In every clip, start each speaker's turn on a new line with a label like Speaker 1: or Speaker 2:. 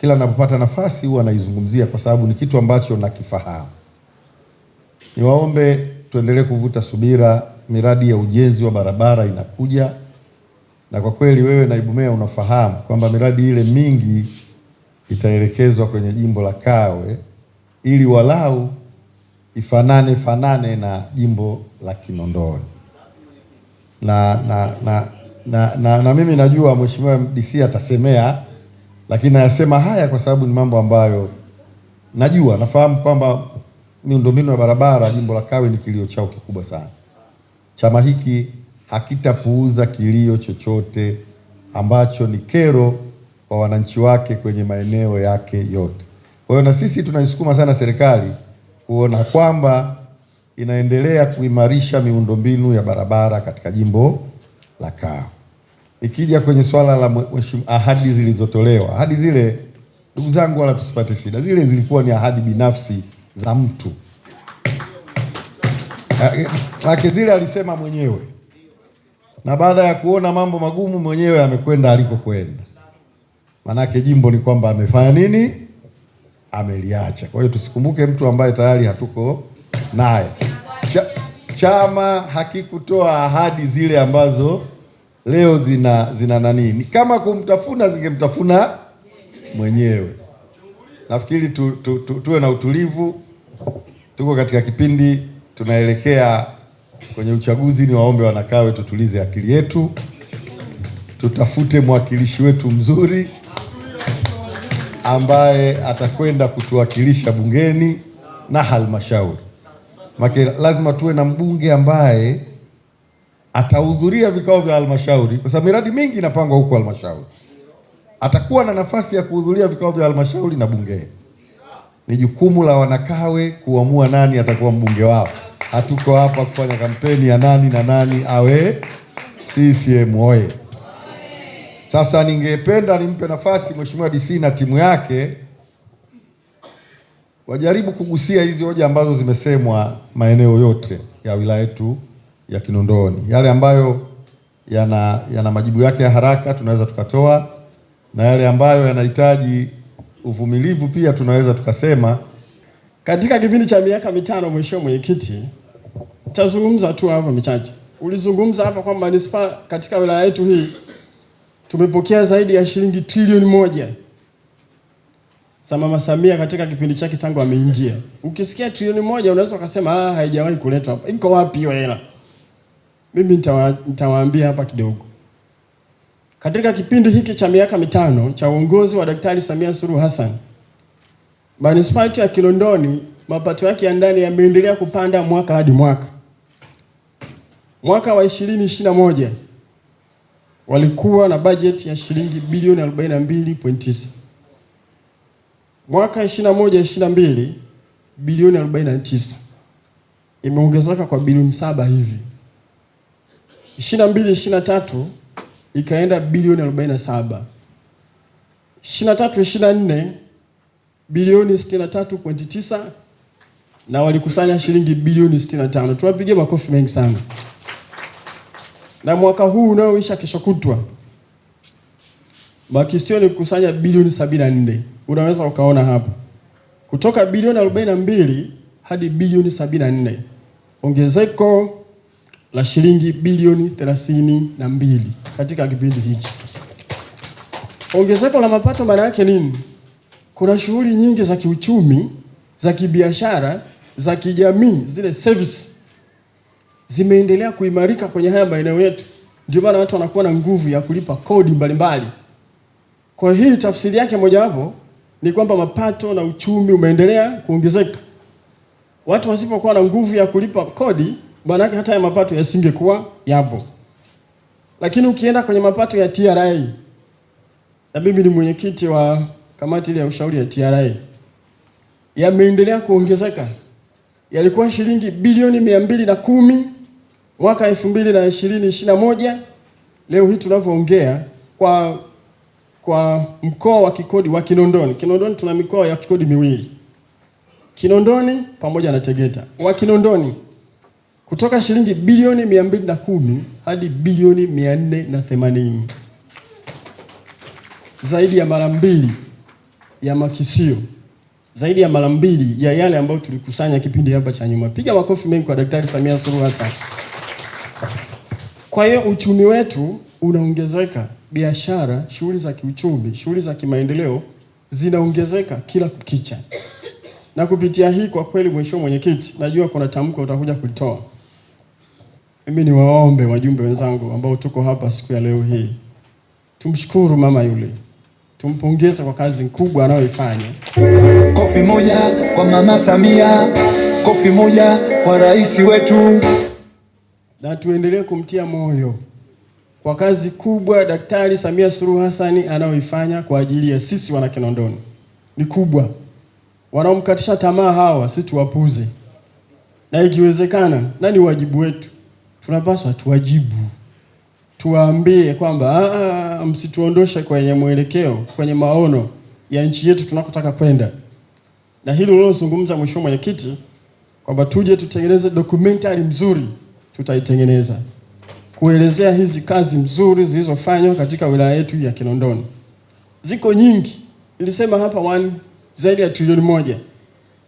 Speaker 1: kila anapopata nafasi huwa naizungumzia kwa sababu ni kitu ambacho nakifahamu. Niwaombe tuendelee kuvuta subira, miradi ya ujenzi wa barabara inakuja, na kwa kweli wewe naibu meya unafahamu kwamba miradi ile mingi itaelekezwa kwenye jimbo la Kawe ili walau ifanane fanane na jimbo la Kinondoni na, na, na, na, na, na mimi najua mheshimiwa DC atasemea lakini nayasema haya kwa sababu ni mambo ambayo najua, nafahamu kwamba miundombinu ya barabara jimbo la Kawe ni kilio chao kikubwa sana. Chama hiki hakitapuuza kilio chochote ambacho ni kero kwa wananchi wake kwenye maeneo yake yote. Kwa hiyo na sisi tunaisukuma sana serikali kuona kwamba inaendelea kuimarisha miundombinu ya barabara katika jimbo la Kawe. Ikija kwenye swala la ahadi zilizotolewa, ahadi zile, ndugu zangu, wala tusipate shida, zile zilikuwa ni ahadi binafsi za mtu lake, eh, eh, zile alisema mwenyewe, na baada ya kuona mambo magumu mwenyewe amekwenda alikokwenda. Manake jimbo ni kwamba amefanya nini, ameliacha. Kwa hiyo tusikumbuke mtu ambaye tayari hatuko naye. Ch chama hakikutoa ahadi zile ambazo leo zina zina nani, ni kama kumtafuna, zingemtafuna mwenyewe. Nafikiri tu, tu, tu, tuwe na utulivu. Tuko katika kipindi tunaelekea kwenye uchaguzi, ni waombe wanakawe, tutulize akili yetu, tutafute mwakilishi wetu mzuri ambaye atakwenda kutuwakilisha bungeni na halmashauri, make lazima tuwe na mbunge ambaye atahudhuria vikao vya halmashauri, kwa sababu miradi mingi inapangwa huko halmashauri. Atakuwa na nafasi ya kuhudhuria vikao vya halmashauri na bungeni. Ni jukumu la wanakawe kuamua nani atakuwa mbunge wao. Hatuko hapa kufanya kampeni ya nani na nani awe CCM oye. Sasa ningependa nimpe nafasi Mheshimiwa DC na timu yake wajaribu kugusia hizi hoja ambazo zimesemwa maeneo yote ya wilaya yetu ya Kinondoni. Yale ambayo yana, yana majibu yake ya haraka tunaweza tukatoa, na yale ambayo yanahitaji uvumilivu pia tunaweza tukasema
Speaker 2: katika kipindi cha miaka mitano. Mheshimiwa Mwenyekiti, tazungumza tu hapa michache. Ulizungumza hapa kwamba manispaa katika wilaya yetu hii tumepokea zaidi ya shilingi trilioni moja za Mama Samia katika kipindi chake tangu ameingia. Ukisikia trilioni moja unaweza ukasema ah, haijawahi kuletwa hapa. Iko wapi hiyo hela? mimi nitawaambia hapa kidogo. Katika kipindi hiki cha miaka mitano cha uongozi wa Daktari Samia Suluhu Hassan, manispaa ya Kinondoni mapato yake ya ndani yameendelea kupanda mwaka hadi mwaka. Mwaka wa 2021 walikuwa na bajeti ya shilingi bilioni 42.9, mwaka 21 22 bilioni 49, imeongezeka kwa bilioni saba hivi. 22 tatu ikaenda bilioni 47, 23 24 bilioni 63.9 na walikusanya shilingi bilioni 65. Tuwapigie makofi mengi sana. Na mwaka huu unaoisha kesho kutwa makisio ni kukusanya bilioni 74. Unaweza ukaona hapo kutoka bilioni 42 hadi bilioni 74, ongezeko la shilingi bilioni thelathini na mbili katika kipindi hichi. Ongezeko la mapato maana yake nini? Kuna shughuli nyingi za kiuchumi, za kibiashara, za kijamii, zile service zimeendelea kuimarika kwenye haya maeneo yetu, ndio maana watu wanakuwa na nguvu ya kulipa kodi mbalimbali. Kwa hii tafsiri yake mojawapo ni kwamba mapato na uchumi umeendelea kuongezeka. Watu wasipokuwa na nguvu ya kulipa kodi maanake hata ya mapato yasingekuwa yapo. Lakini ukienda kwenye mapato ya TRA, na mimi ni mwenyekiti wa kamati ile ya ushauri ya TRA, yameendelea kuongezeka. Yalikuwa shilingi bilioni mia mbili na kumi mwaka elfu mbili na ishirini ishirini na moja leo hii tunavyoongea kwa kwa mkoa wa kikodi wa Kinondoni. Kinondoni tuna mikoa ya kikodi miwili, Kinondoni pamoja na Tegeta. Wa Kinondoni kutoka shilingi bilioni mia mbili na kumi hadi bilioni mia nne na themanini zaidi ya mara mbili ya makisio, zaidi ya mara mbili ya yale ambayo tulikusanya kipindi hapa cha nyuma. Piga makofi mengi kwa Daktari Samia Suluhu Hassan. Kwa hiyo uchumi wetu unaongezeka, biashara, shughuli za kiuchumi, shughuli za kimaendeleo zinaongezeka kila kukicha, na kupitia hii, kwa kweli, Mheshimiwa Mwenyekiti, najua kuna tamko utakuja kulitoa. Mimi ni waombe wajumbe wenzangu ambao tuko hapa siku ya leo hii, tumshukuru mama yule, tumpongeze kwa kazi kubwa anayoifanya.
Speaker 3: Kofi moja kwa mama Samia, kofi moja kwa rais wetu,
Speaker 2: na tuendelee kumtia moyo kwa kazi kubwa Daktari Samia Suluhu Hassan anayoifanya kwa ajili ya sisi wana Kinondoni ni kubwa. Wanaomkatisha tamaa hawa, si tuwapuze, na ikiwezekana, na ni wajibu wetu tunapaswa tuwajibu, tuwaambie kwamba ah, ah, ah, msituondoshe kwenye mwelekeo, kwenye maono ya nchi yetu tunakotaka kwenda. Na hili ulilozungumza, mheshimiwa mwenyekiti, kwamba tuje tutengeneze dokumentari mzuri, tutaitengeneza kuelezea hizi kazi nzuri zilizofanywa katika wilaya yetu ya Kinondoni. Ziko nyingi, nilisema hapa wani zaidi ya trilioni moja.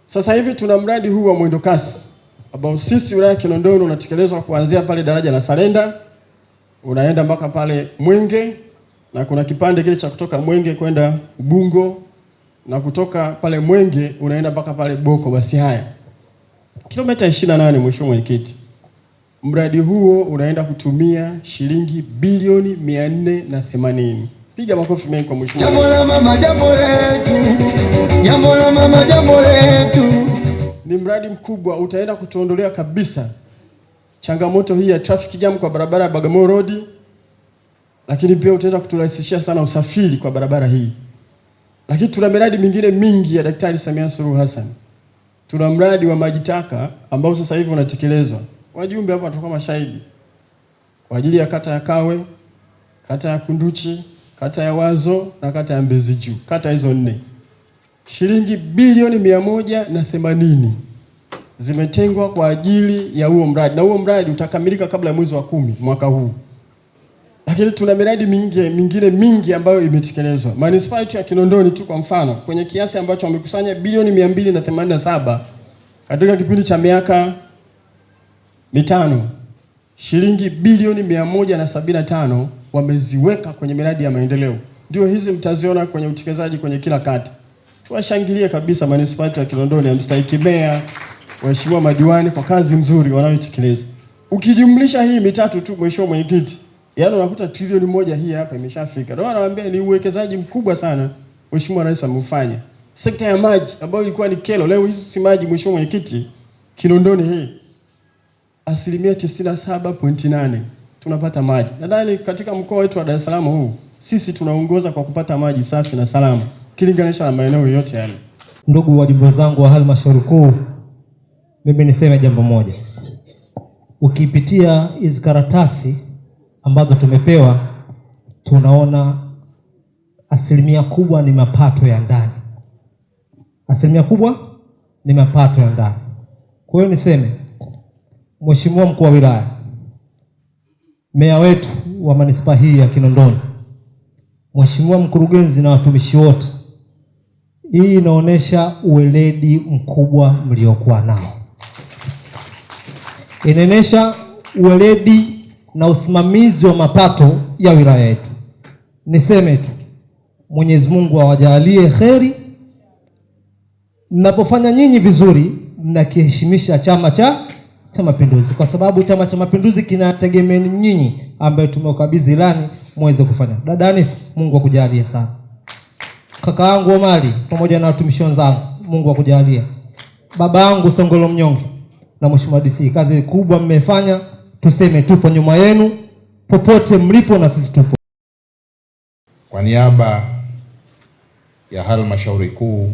Speaker 2: Sasa hivi tuna mradi huu wa mwendo kasi ambao sisi wilaya ya Kinondoni unatekelezwa kuanzia pale daraja la Salenda unaenda mpaka pale Mwenge na kuna kipande kile cha kutoka Mwenge kwenda Ubungo na kutoka pale Mwenge unaenda mpaka pale Boko. Basi haya kilomita 28, mheshimiwa mwenyekiti, mradi huo unaenda kutumia shilingi bilioni 480. Piga makofi mengi kwa mheshimiwa.
Speaker 3: Jambo la mama, jambo letu, jambo la mama, jambo letu
Speaker 2: ni mradi mkubwa utaenda kutuondolea kabisa changamoto hii ya traffic jam kwa barabara ya Bagamoyo Road, lakini pia utaenda kuturahisishia sana usafiri kwa barabara hii. Lakini tuna miradi mingine mingi ya Daktari Samia Suluhu Hassan. Tuna mradi wa maji taka ambao sasa hivi unatekelezwa, wajumbe hapa watakuwa mashahidi, kwa ajili ya kata ya Kawe, kata ya Kunduchi, kata ya Wazo na kata ya Mbezi Juu, kata hizo nne shilingi bilioni mia moja na themanini zimetengwa kwa ajili ya huo mradi, na huo mradi utakamilika kabla ya mwezi wa kumi mwaka huu. Lakini tuna miradi mingi mingine mingi ambayo imetekelezwa. Manispaa yetu ya Kinondoni tu kwa mfano, kwenye kiasi ambacho wamekusanya bilioni mia mbili na themanini na saba katika kipindi cha miaka mitano, shilingi bilioni mia moja na sabini na tano wameziweka kwenye miradi ya maendeleo. Ndio hizi mtaziona kwenye utekelezaji kwenye kila kata tuwashangilie kabisa manispaa ya Kinondoni, amstahiki meya, waheshimiwa madiwani kwa kazi nzuri wanayoitekeleza. Ukijumlisha hii mitatu tu, mheshimiwa mwenyekiti, yaani unakuta trilioni moja hii hapa imeshafika. Ndio nawaambia ni uwekezaji mkubwa sana mheshimiwa rais ameufanya. Sekta ya maji ambayo ilikuwa ni kelo. leo hizi si maji, mheshimiwa mwenyekiti, Kinondoni hii asilimia 97.8 tunapata maji. Nadhani katika mkoa wetu wa Dar es Salaam huu sisi tunaongoza kwa kupata maji safi na salama ukilinganisha na maeneo yote yale.
Speaker 4: Ndugu wajumbe zangu wa halmashauri kuu, mimi niseme jambo moja. Ukipitia hizi karatasi ambazo tumepewa, tunaona asilimia kubwa ni mapato ya ndani, asilimia kubwa ni mapato ya ndani. Kwa hiyo niseme, Mheshimiwa mkuu wa wilaya, meya wetu wa manispaa hii ya Kinondoni, Mheshimiwa mkurugenzi na watumishi wote hii inaonyesha uweledi mkubwa mliokuwa nao, inaonyesha uweledi na usimamizi wa mapato ya wilaya yetu. Niseme tu Mwenyezi Mungu awajalie kheri. Mnapofanya nyinyi vizuri, mnakiheshimisha Chama cha cha Mapinduzi, kwa sababu Chama cha Mapinduzi kinategemea nyinyi ambayo tumeukabidhi ilani muweze kufanya. Dada Mungu akujalie sana kaka yangu Omari pamoja na watumishi wenzangu, Mungu akujalie. Baba yangu Songolo Mnyonge na Mheshimiwa DC, kazi kubwa mmefanya, tuseme tupo nyuma yenu popote mlipo, na sisi tupo.
Speaker 1: Kwa niaba ya halmashauri kuu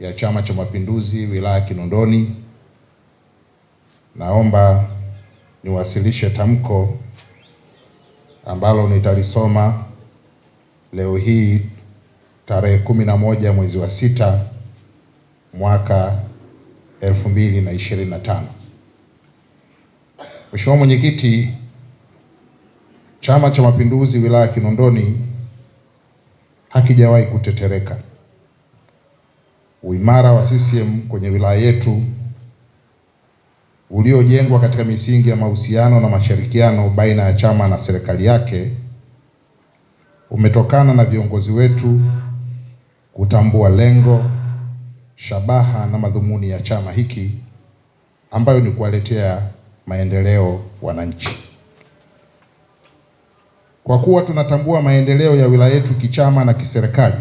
Speaker 1: ya Chama cha Mapinduzi wilaya ya Kinondoni, naomba niwasilishe tamko ambalo nitalisoma leo hii tarehe kumi na moja mwezi wa sita mwaka elfu mbili na ishirini na tano. Mheshimiwa Mwenyekiti, Chama cha Mapinduzi wilaya ya Kinondoni hakijawahi kutetereka. Uimara wa CCM kwenye wilaya yetu uliojengwa katika misingi ya mahusiano na mashirikiano baina ya chama na serikali yake umetokana na viongozi wetu hutambua lengo, shabaha na madhumuni ya chama hiki ambayo ni kuwaletea maendeleo wananchi. Kwa kuwa tunatambua maendeleo ya wilaya yetu kichama na kiserikali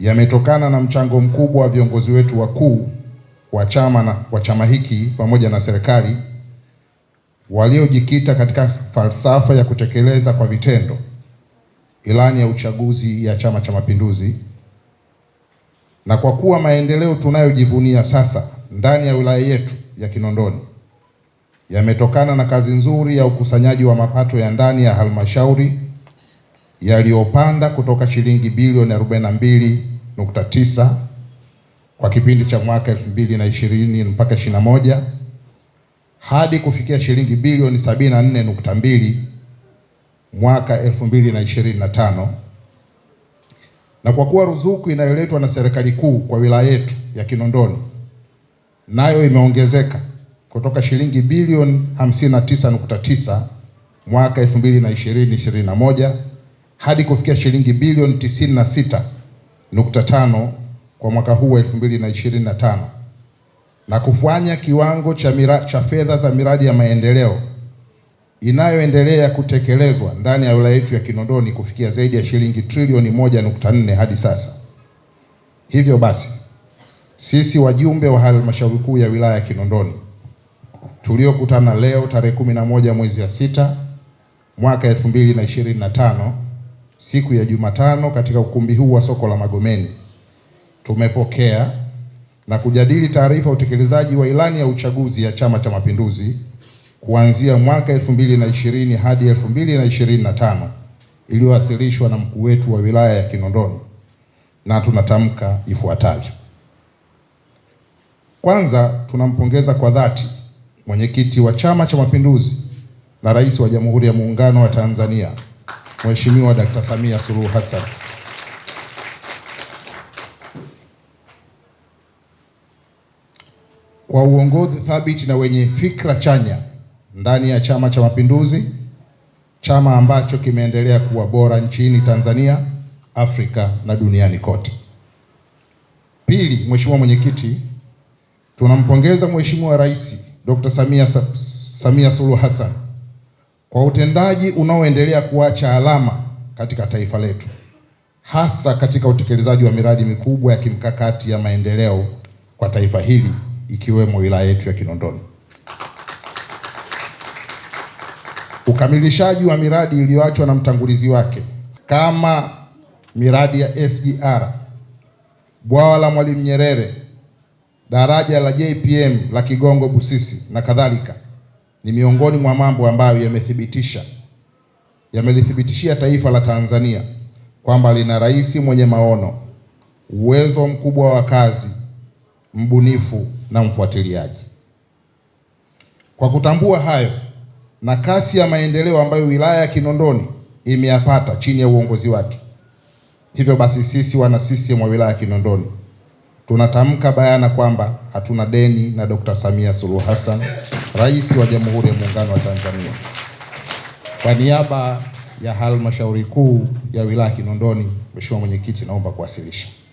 Speaker 1: yametokana na mchango mkubwa wa viongozi wetu wakuu wa chama na wa chama hiki pamoja na serikali waliojikita katika falsafa ya kutekeleza kwa vitendo ilani ya uchaguzi ya Chama cha Mapinduzi, na kwa kuwa maendeleo tunayojivunia sasa ndani ya wilaya yetu ya Kinondoni yametokana na kazi nzuri ya ukusanyaji wa mapato ya ndani ya halmashauri yaliyopanda kutoka shilingi bilioni 42.9 kwa kipindi cha mwaka 2020 mpaka 21 hadi kufikia shilingi bilioni 74.2 mwaka elfu mbili na ishirini na tano na kwa kuwa ruzuku inayoletwa na serikali kuu kwa wilaya yetu ya Kinondoni nayo imeongezeka kutoka shilingi bilioni 59.9 mwaka na moja hadi kufikia shilingi bilioni 96.5 kwa mwaka huu wa 2025 na kufanya kiwango cha, cha fedha za miradi ya maendeleo inayoendelea kutekelezwa ndani ya wilaya yetu ya Kinondoni kufikia zaidi ya shilingi trilioni moja nukta nne hadi sasa. Hivyo basi, sisi wajumbe wa halmashauri kuu ya wilaya ya Kinondoni tuliokutana leo tarehe na moja mwezi ya sita mwaka na tano siku ya Jumatano katika ukumbi huu wa soko la Magomeni tumepokea na kujadili taarifa ya utekelezaji wa ilani ya uchaguzi ya Chama cha Mapinduzi kuanzia mwaka 2020 hadi 2025 iliyowasilishwa na mkuu wetu wa wilaya ya Kinondoni, na tunatamka ifuatavyo. Kwanza, tunampongeza kwa dhati mwenyekiti wa Chama cha Mapinduzi na Rais wa Jamhuri ya Muungano wa Tanzania Mheshimiwa Dr. Samia Suluhu Hassan kwa uongozi thabiti na wenye fikra chanya ndani ya Chama cha Mapinduzi, chama ambacho kimeendelea kuwa bora nchini Tanzania, Afrika na duniani kote. Pili, Mheshimiwa Mwenyekiti, tunampongeza Mheshimiwa Rais Dr. Samia, Samia Suluhu Hassan kwa utendaji unaoendelea kuacha alama katika taifa letu hasa katika utekelezaji wa miradi mikubwa ya kimkakati ya maendeleo kwa taifa hili ikiwemo wilaya yetu ya Kinondoni. Ukamilishaji wa miradi iliyoachwa na mtangulizi wake kama miradi ya SGR, bwawa la Mwalimu Nyerere, daraja la JPM la Kigongo Busisi na kadhalika ni miongoni mwa mambo ambayo yamethibitisha yamelithibitishia taifa la Tanzania kwamba lina rais mwenye maono, uwezo mkubwa wa kazi, mbunifu na mfuatiliaji. Kwa kutambua hayo na kasi ya maendeleo ambayo wilaya ya Kinondoni imeyapata chini ya uongozi wake. Hivyo basi sisi wana CCM wa wilaya ya Kinondoni tunatamka bayana kwamba hatuna deni na Dkt. Samia Suluhu Hassan, Rais wa Jamhuri ya Muungano wa Tanzania. Kwa niaba ya halmashauri kuu ya wilaya Kinondoni, Mheshimiwa Mwenyekiti, naomba kuwasilisha